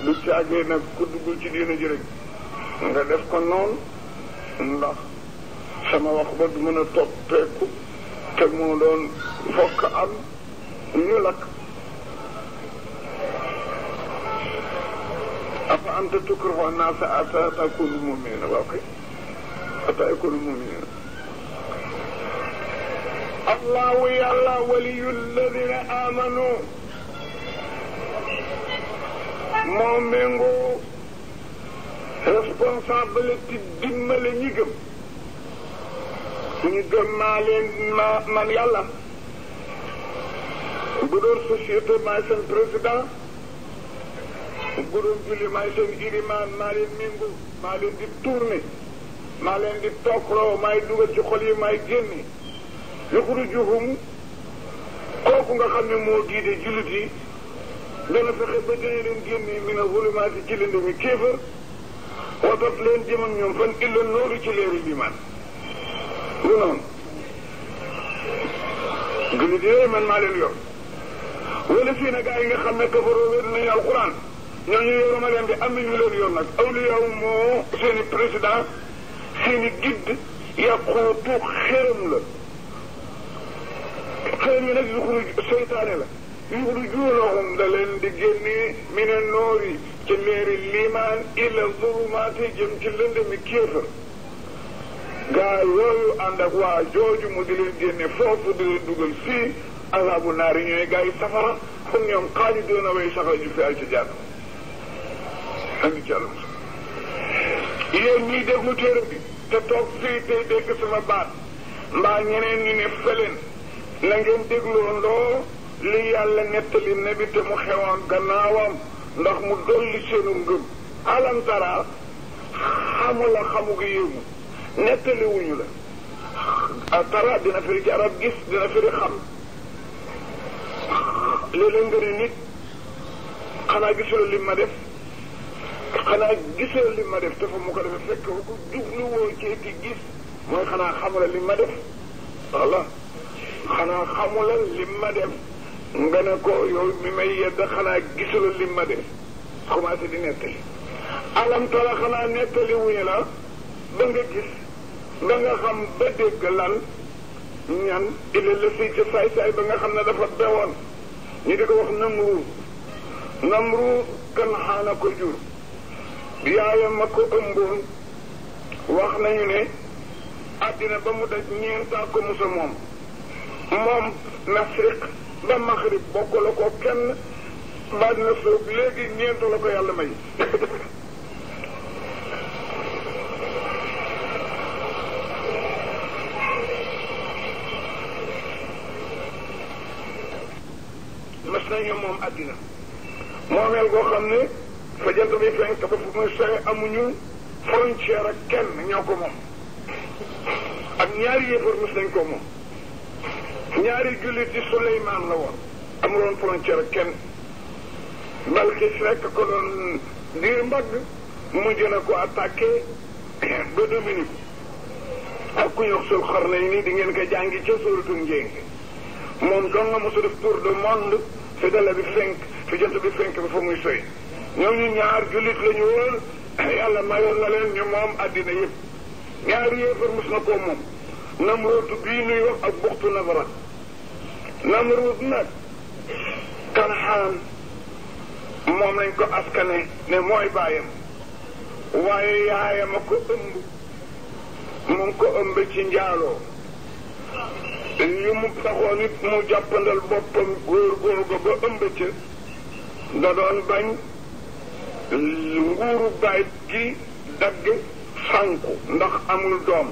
لو تاجي نك كود بو تي دينا لا سما واخ با دمنا توب بيكو ام ني لاك أنت تكره الناس أتى تكون مؤمنا واقعي أتى allahu yàlla waliyu lladina amanu moo méngoo responsabilité dimbale ñi gëm suñu gëm maa leen ma man yàlla bu société maay seen président bu julli maay seen irimaan maa leen méngoo maa leen di tourné maa leen di toog loo maay ci xol yi maay génne yuxrijuhum kooku nga xam ne moo giide jullit yi dana fexe ba dina leen génne min a zulumaati ci lënd mi kéefër watat leen jëman ñoom fan illa nooru ci leeri limaan lu noonu jullit yooyu man maa leen yor wala fii nag ay nga xam ne kafaroo wér nañu alquran ñooñu yoruma leen di am nañu leen yor nag awliyaw moo seen i président seen i gidd yàquutu xéram la xëy na nag yuxuruj seytaane la yuxrujuunahum da leen di génne mine noori ca leeri liimaan ila zulumaati jëm ci lëndëmi kéefër gaa yooyu ànd ak waa jooju mu di leen génne foofu di leen dugal fii azaabu naari ñooy gaa yi safara comme ñoom xaaju doon a way saxla ju fi ay ca jànn andi téere bi te toog fii tey dégg sama baat mbaa ñeneen ñi feleen na ngeen dégloondoo li yàlla nettali nabi te mu xewaan gannaawam ndax mu dolli seenu ngëm alam tara xamu la xamu gi yéemu nettali wuñu la tara dina firi ci arab gis dina firi xam léeg-léeg nga ne nit xanaa gisoo li ma def xanaa gisoo li ma def dafa mu ko defee fekk ko jublu woo ci ci gis mooy xanaa xamula li ma def voilà xanaa xamula lim ma def nga ne ko yow mi may yedd xanaa gisula lim ma def commencé di nettali alam tara xanaa nettali la ba nga gis ba nga xam ba dégg lan ñan illa la si saay-saay ba nga xam ne dafa bewoon ñu di ko wax namru namru kan xaana ko jur yaayam a ko ëmboon wax nañu ne àddina ba mu daj ñeenta ko musa moom moom Masriq ba Maghrib bokk la ko kenn baal na soob léegi ñeent la ko yàlla may. mas nañu moom àddina moomeel goo xam ne fa jant bi fenk ba fu muy sowe amuñu frontière ak kenn ñoo ko moom ak ñaari yéefar mas nañ ko moom ñaari jullit yi Suleymaan la woon amul woon frontière kenn Balkis rekk ko doon diir mbagg mujj na ko attaqué [CLEARS THROAT] ba Dominique ak ku ñëw sul xor nañ ni di ngeen ko jàngi ca sóoratu njéng moom dong nga mosu def tour de monde fi dala bi fenk fi jant bi fenk bi fa muy soy ñooñu ñaar jullit la ñu wóor [CLEARS THROAT] yàlla mayoon na leen ñu moom àddina yëpp ñaari yéefar mos na koo moom نمرود بي نيو اك بوختو نبرا نمرود نك كان حان موم لا نكو اسكاني ني موي بايام واي يايا مكو امب موم كو امب تي نجالو يوم تخوني مو جابندل بوبم غور غور غو امب تي دا دون باغ نغورو بايت كي دغ سانكو ndax amul dom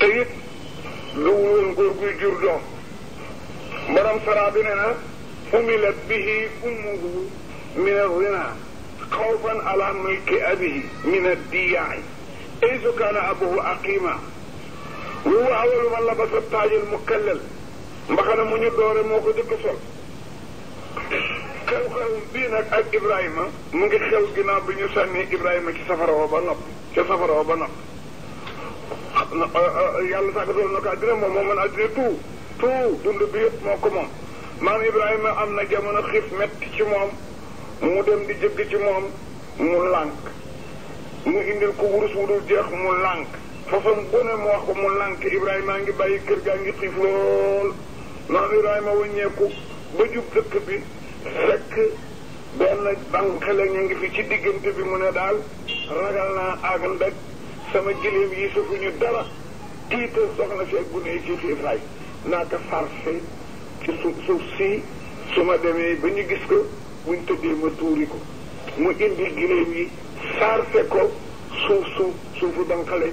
تيت it gëwul woon مرام guy jur doom borom saraa bi ne na fumilat bihi ummuhu min azina xawfan كان أبوه عقيما وهو أول من لبس التاج المكلل مخنا من يدور موكو ديك سول كاو كاو بي ابراهيم مغي خيو غينا بي ني ساني ابراهيم سي سفر وبا نوب سي سفر نوب yàlla tàggatoo na ko àddina moom moo mën àddina tout tout dund bi yëpp moo ko moom maam Ibrahima am na jamono xiif metti ci moom mu dem di jëgg ci moom mu lànk mu indil ko wurus wu dul jeex mu lànk façon bu ne mu wax ko mu lànk Ibrahima ngi bàyyi kër gaa ngi xiif lool maam Ibrahima wëññeeku ba jub bi fekk benn banque la ñu ngi fi ci diggante bi mu ne daal ragal naa ak sama gileem yi sufuñu dara tiita soxna fee gune yi ci xiifaay naa ko farfe ci suuf suuf sii su ma demee ba ñu gis ko buñ tëddee ma tuuri ko mu indi gileem yi farfe ko suuf suuf suufu danqale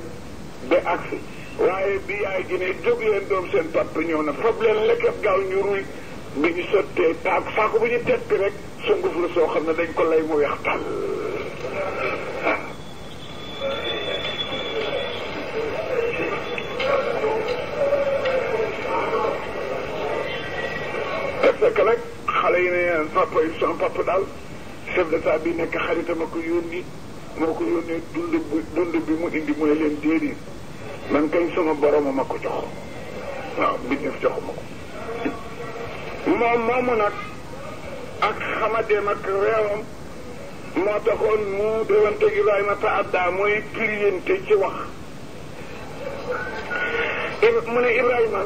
ba agsi waaye bi yaay gi ne jóg leen doom seen papa ñëw na fab leen lekkat gaaw ñu ruy bi ñu sottee taag saako bu ñu tekk rek sunguf la soo xam ne dañ ko lay mu weex tàll fekk nag xale yi ne papa yi sama papa daal chef d'état bi nekk xaritam a ko yónni moo ko yónnee dund bi dund bi mu indi mooy leen déedéet man kay sama borom ma ko jox waaw moom moomu nag ak xamadeem ak réewam moo taxoon mu déwante Ibrahima ta adda mooy priente ci wax mu ne Ibrahima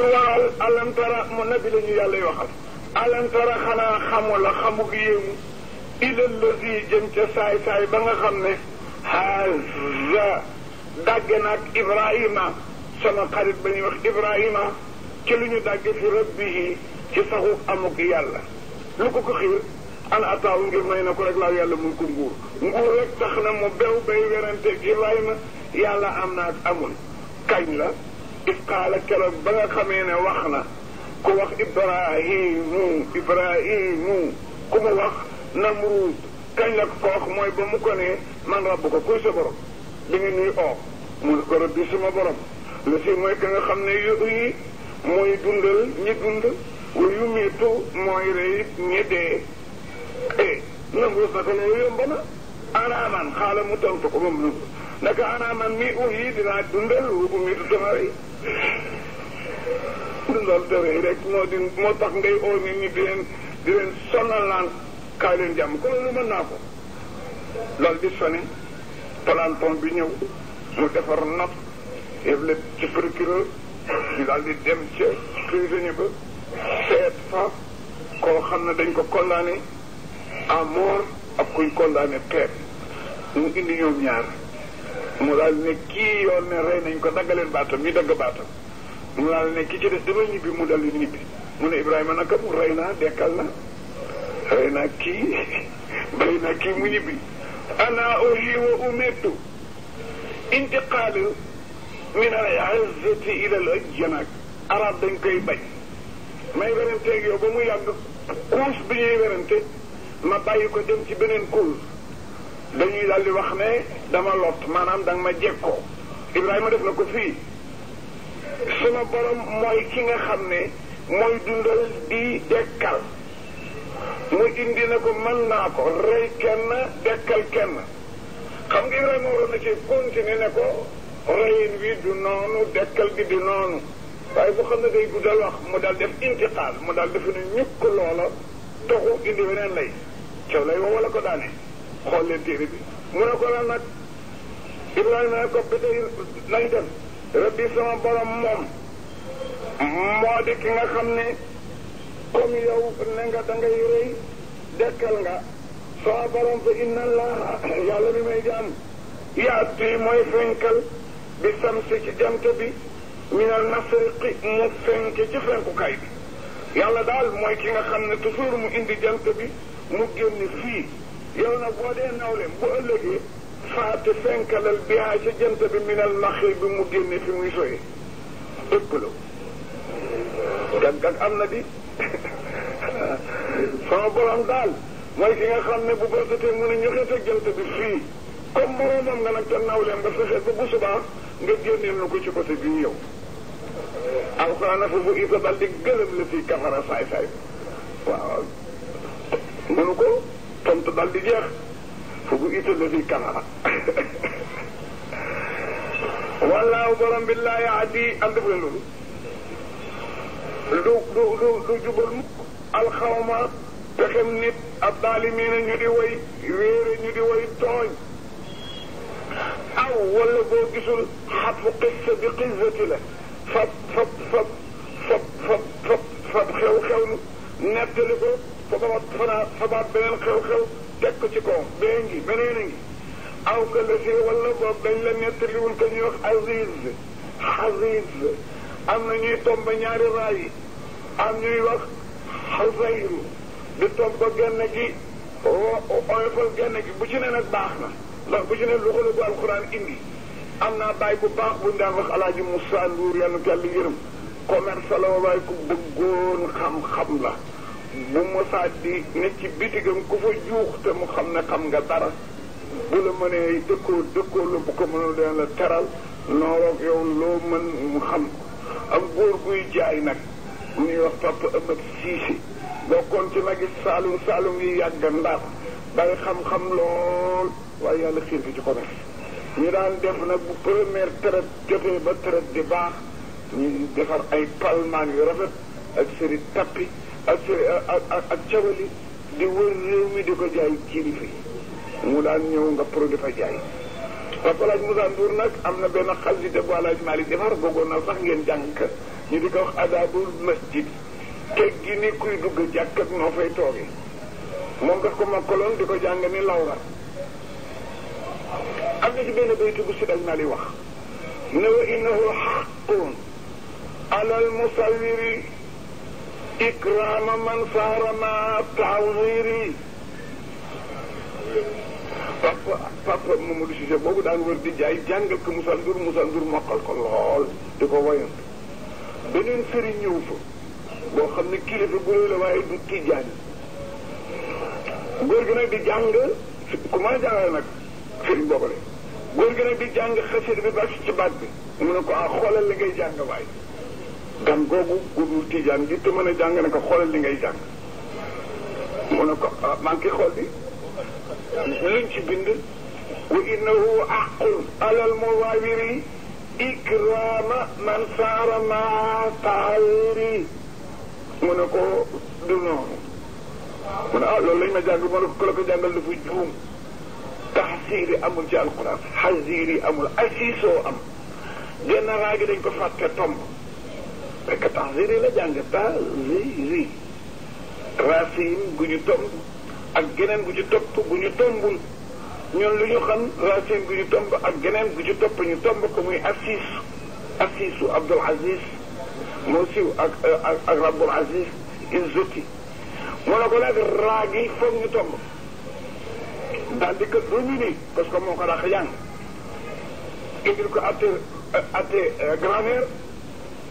qul waaw alantara mu nabi la ñu yàlla yi waxal alantara xanaa xamu la xamu gi yéemu ilal la si jëm ca saay saay ba nga xam ne haza dàgge naag ibrahima sama xarit ba ñuy wax ibrahima ci lu ñu dàgge fi rabbihi ci saxu amuk yàlla lu ko ko xiir an ataaw ngir may na ko rek laaw yàlla mun ko nguur nguur rek tax na mu bew bay werante ibrahima yàlla am naag amul kañ la قال كلام بغا خمينا وخنا كو وخ ابراهيم ابراهيم كو وخ نمرود كان لك فوخ موي بمكوني من ربك كو سبر بني نوي او مول كو ربي سما بروم لو سي موي كان خمنا يوي موي دوندل ني دوند ويميتو موي ري نيدي اي نمرود كان يوم بنا ارامن خاله متوتو كو naka ana man mi uyi dinaa dundal wu mi du dama rey dundal rey rek moo di moo tax ngay oo ñi di leen di leen sonal naan kaay leen jàmm ko loolu mën naa ko loolu di sone palanton bi ñëw mu defar not yëfle ci procureur ñu daal dem ca prisonnier ba seet fa koo xam ne dañ ko condamné à mort ak kuñ condamné peine mu indi ñoom ñaar mu daal ne kii yoon ne rey nañ ko daggaleen baatam ñu dagg baatam mu daal ne ki ci des ñibbi mu dal di ñibbi mu ne Ibrahima naka mu rey naa dekkal na rey naa kii [LAUGHS] rey naa kii mu ñibbi ana uhyi wa umettu intiqaalu min al izzati ila al janaak arab dañ koy bañ may weranteeg yow ba mu yàgg kuus bi ñuy werante ma bàyyi ko dem ci beneen kuus dañuy daal di wax ne dama lot maanaam danga ma jekkoo Ibrahima def na ko fii suma borom mooy ki nga xam ne mooy dundal di dekkal mu indi na ko mën naa kenn dekkal kenn xam na ci continuer ne ko reyin wi du noonu dekkal gi du noonu waaye boo xam ne day guddal wax mu daal def intiqaal mu daal def ne ñukk loola doxu indi weneen lay caw lay woo wala ko daane xool leen téere bi mu ne ko la nag Ibrahima ko bi tey nañ dem rabbi sama borom moom moo di ki nga xam ne comme yow ne nga da rëy dekkal nga sama borom fa inna allah yàlla mi may jaam yaatu mooy fenkal bi samsi ci jant bi minal mashriqi mu fenk ci fenkukaay bi yàlla daal mooy ki nga xam ne toujours mu indi jant bi mu génn fii يونا بودين نولم بولغي إيه؟ فات سنكل البيع شجنت من المخي بمجيني في ميسوي اقلو كان كان امنا دي سوى بولان دال ما يكينا خامنا ببوزة تيموني نيوخي سجنت بفي كم مرونا من اكتن نولم بس خيط ببوسبا نجيني ملوكو شكو تبينيو القرآن في بوئي تبالي قلب لفي كفر ساي ساي واو منوكو tont dal di jeex fugu ite lo fi kanara wallaahu borom billahi adi yaadi am def do do du du du jubal mukk alxawma pexem nit ab daalimiina ñu di way wéré ñu di way toñ aw wala bo gisul xatfu qissa bi qissati la fa fa fa fa fa fa xew xew nettali ko fabaat fanaa fabaat beneen xew-xew teg ko ci kaw bee ngi beneen ngi aw ka la si wala dañ la nettaliwul ko ñuy wax aziz am na ñuy tomb ñaari raay am ñuy wax xasayru di tomba genn gi oyofal genn gi bu ci ne nag baax na ndax bu ci ne lu xolu bu alxuraan indi am naa bàyyi bu baax buñ daan wax alaaji Moussa Ndour yàlla na ko yàlla yërëm commerce la waaye ku bëggoon xam-xam la bu Moussa di ne ci bitigam ku fa juux te mu xam ne xam nga dara bu la mënee dëkkoo dëkkoo la bu ko mënul dana la teral nooroog yow loo mën mu xam ko am góor guy jaay nag mu ñuy wax Papa Amath Cissé bokkoon ci nag saalum saalum yi yàgg ndax bari xam-xam lool waaye yàlla xiir bi ko def ñu daan def nag bu première traite jotee ba traite di baax ñu defar ay palmaan yu rafet ak seri tappi ak ak ak cawali di wër réew mi di ko jaay kilifa yi mu daan ñëw nga pro dafa jaay Papa Laaj Moussa nag am na benn xasida bu Alaaj Maalik defar bëggoon na sax ngeen jàng ka ñu di ko wax adaabul masjid teg gi ni kuy dugg jàkk noo fay tooge moom daf ko mokkaloon di ko jàng ni lawra am na ci benn baytu bu Seydi Alaaj Maalik wax ne wa innahu alal musawiri إكرام من صار مع تعذيري papa papa Mamadou Cissé boobu daan wër di jaay jàngal ko Moussa Ndour Moussa Ndour mokkal ko lool di ko woyant beneen sëriñ ñëw fa boo xam ne kilifa bu la waaye du tijaan góor gi nag di jàng ku mën a jàngale nag sëriñ boobale góor gi nag di jàng xasida bi ba ci baat bi mu ne ko ah xoolal li ngay jàng waaye gan googu góobul tijaan gi te mën a jàng ne ko xoolal li ngay jàng mu ne ko ah, maa ngi xool bi luñ ci bind wa innahu aqul alal muwaawiri ikraama man saara maa taawiri mu ne ko du noonu mu ne ah loolu lañ ma jàng mu ne ko la ko jàngal dafa juum taxsiiri amul ci alquran xasiiri amul asiisoo am génn raa gi dañ ko fàtte tomb fekk tanziri la jàng ta zi zi racine gu ñu tomb ak geneen gu ñu topp gu ñu tombul ñoom lu ñu xam racine gu ñu tomb ak ko muy assis assisu Abdul Aziz moo ak Abdul Aziz Inzuti moo la ko nag raa gi foog ñu tomb daal di ko dominer parce que moo ko dàq jàng indil ko atte atte euh,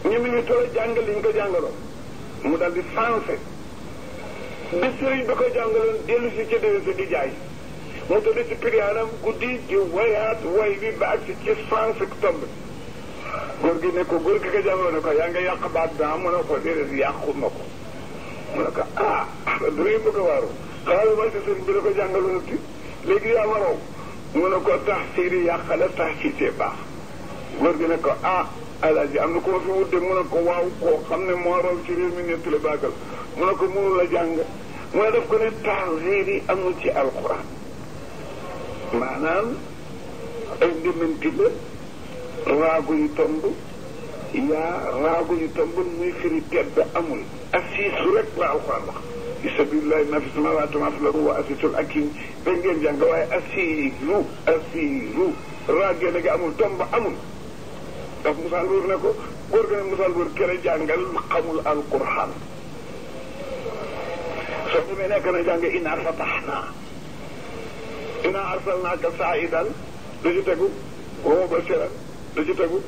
ñu mu ñu toll jàngal li ñu ko jàngaloon mu dal di sensé bi sëriñ bi ko jàngaloon dellu si ca déwén sa di jaay mu tëdd ci piriyaanam guddi di wayaat way bi ba agsi ci sensé tomb góor gi ne ko góor gi ko jàngaloon ne ko yaa nga yàq baat daa ah, mu ne ko déedéet yàqu ma ko mu ne ko ah [LAUGHS] du ngeen bëgg a waaru xaaral ma si sëriñ bi la ko jàngaloon ti léegi yaa waroo mu ne ko tax siiri yàq la tax siitee baax góor gi ne ko ah alaji am na ku fi wudde mu ne ko waaw koo xam ne moo raw ci réew mi nettali baagal mu ne ko mënu la jàng mu ne daf ko ne taasiir yi amul ci alquran maanaam ay ndémanti la raagu yu tomb yaa raagu yu tomb muy firi tedd amul assis rek la alquran wax isabillahi ma fi samawaati ma fi laru wa assisul akim ba ngeen jàng waaye assis lu raagee na nga amul tomb amul daf musaal buur ne ko góor gi ne musaal buur kere jàngal xamul alquran soo demee nekk na jàng inaa fataxnaa inaa arsalnaaka saa'idan lu ci tegu wa bashiran lu ci tegu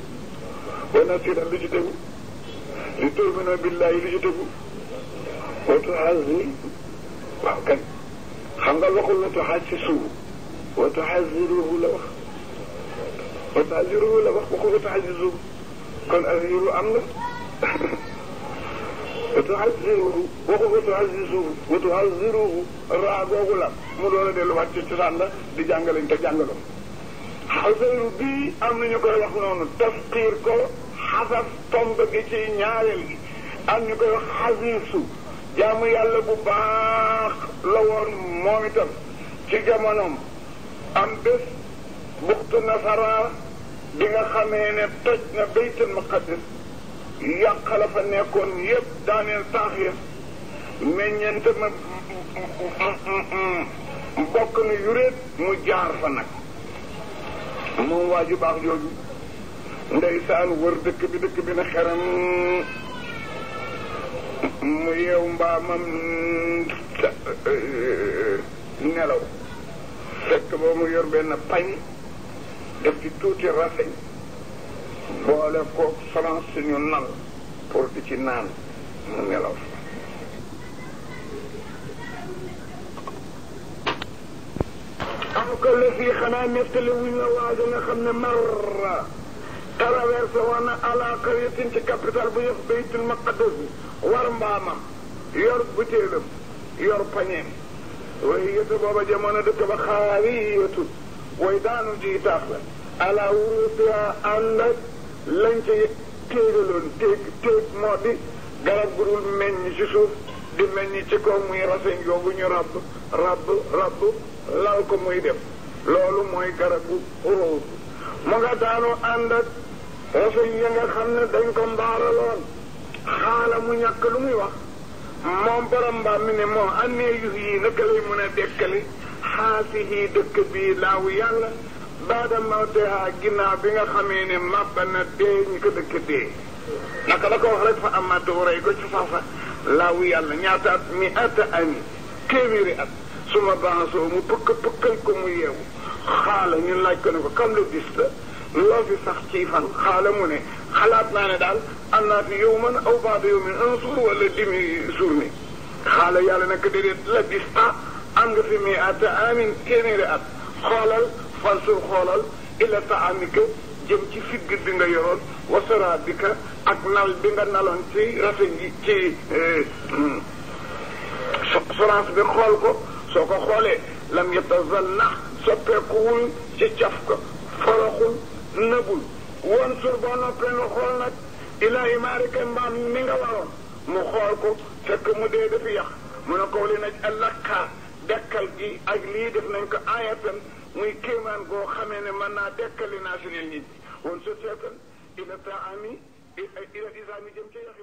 wa nasiran lu ci tegu li tu'minu billahi lu ci tegu wa tu'azzi waaw kan xam nga waxul la tuxassisu wa tuxazziruhu la wax wa taajiru la wax waxu wa taajiru kon aziru am na wa tuaziruhu waxu wa tuazizuhu wa tuaziruhu raa googu la mu door a delluwaat ci cosaan la di jàngalañ te jàngaloo xasaru bii am na ñu koy wax noonu tafqiir ko xasaf tomb gi ci ñaareel gi am ñu koy wax xasiisu jaamu yàlla bu baax la woon moom itam ci jamonoom am bés buxtu nasaraa bi nga xamee ne toj na baytul maqadis yàq la fa nekkoon yëpp daaneel taax ya meññeent ma bokk na yuréet mu jaar fa nag moom waa ju baax jooju ndeysaan wër dëkk bi dëkk bi na xeram mu yeew mbaamam nelaw fekk ba mu yor benn pañ daf ci tuuti rafet boole koog France suñu nal pour di ci naan mu nelaw fa am ko la fii xanaa nettali wuñ la waa nga xam ne marra traversé woon na ala qaryatin ci capital bu yëf baytul maqaddas war mbaamam yor butéelam yor pañeem waaye yëtu booba jamono dëkk ba xaariyatu mooy daanu ji tax ala wurusiha ànd ak lañ ci téegaloon téeg téeg moo di garab gu meññ ci suuf di meññ ci kaw muy raseñ yoobu ñu ràbb ràbb ràbb lal ko muy def loolu mooy garabu urus mu nga daanu ànd ak ya nga xam ne dañ ko mbaaraloon xaala mu ñàkk lu muy wax moom borom mbaam mi ne moo année yu yi naka lay mën a dekkali حاسه دك بي لاو يالا بعد ما تها جنا بيغا خمين مابنا دي نك دك دي نك لك وخلت فأما دوري كو شفافة لاو يالا نياتات مئات أمي كبير أب سما بانسو مو بك بك لكم يو خالة نين لاي كنو كم لو ديست لو في سخ خالة موني خلات نانا دال أنا في يوما أو بعد يوم انصر ولا دمي زورني خالة يالا نك لا ديستا am nga fi muy at amin téeméeri at xoolal fansur xoolal ila taamika jëm ci figg bi nga yoroon wasara bi ka ak nal bi nga naloon ci rafet yi ci eh, hmm, sorance bi xool ko soo ko xoolee lam yetazal na soppeekuwul ci caf ko foroxul nëbul woon sur boo noppee nga xool nag ilaahi maarike mbaam mi nga waroon mu xool ko fekk mu dee dafi yàq mu ne ko li naj dekkal gi ak lii def nañ ko aayatan muy kéemaan goo xamee ne mën naa dekkali naa si nit ñi woon sociétan ila taami ila isaami jëm ca yax